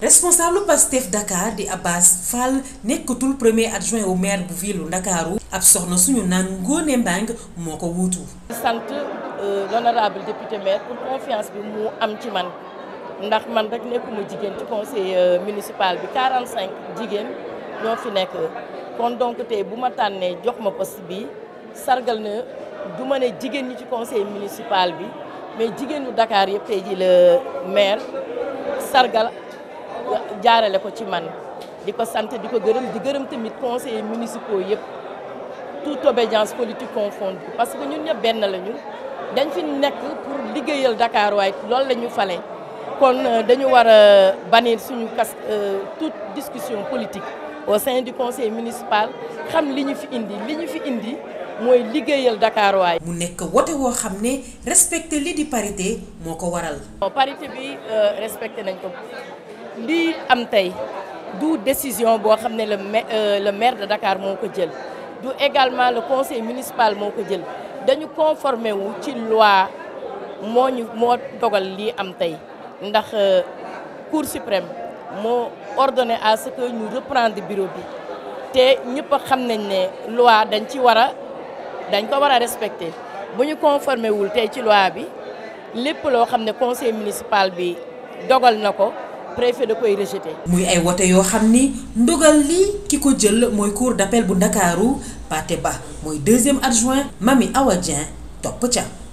responsable Pastef Dakar di Abbas Fall nekkatul premier adjoint au maire bu ville Ndakaaru ab soxna suñu naan Ngone Mbang moo ko wuutu. sant euh, l'honorable député maire pour confiance bi mu am ci man. ndax man rek nekkuma jigéen ci conseil euh, municipal bi 45 jigéen ñoo fi nekk kon donc tey bu ma tànnee jox ma poste bi sargal na du ma ne jigéen ñi ci conseil municipal bi mais jigéenu dakaar yëpp tey ji la maire sargal jaarale ko ci man di ko sant di ko gërëm di gërëm tamit conseillers municipaux yëpp toute obédience politique bi parce que ñun ñëpp benn lañu dañ fi nekk pour liggéeyal Dakar waaye loolu la ñu fale kon euh, dañu war a bannir suñu kas euh, toute discussion politique au sein du conseil municipal xam li ñu fi indi li ñu fi indi mooy liggéeyal Dakar waay. mu nekk wote woo xam ne respecté li di parité moo ko waral. parité bi euh, respecté nañ ko lii am tey du décision boo xam ne le le maire de Dakar moo ko jël du également le conseil municipal moo ko jël dañu conformé wu ci loi moo ñu moo dogal lii am tey. ndax euh, cour suprême moo ordonné à ce que ñu reprendre bureau bi te ñëpp a xam nañ ne loi dañ ci war a dañ ko war a respecter bu ñu conformé wul tey ci loi bi lépp loo xam ne conseil municipal bi dogal na ko préfet da koy rejeté. muy ay wote yoo xam ni ndogal lii ki ko jël mooy cour d'appel bu Ndakaaru Paté Ba mooy deuxième adjoint Mami Awa Dieng topp ca.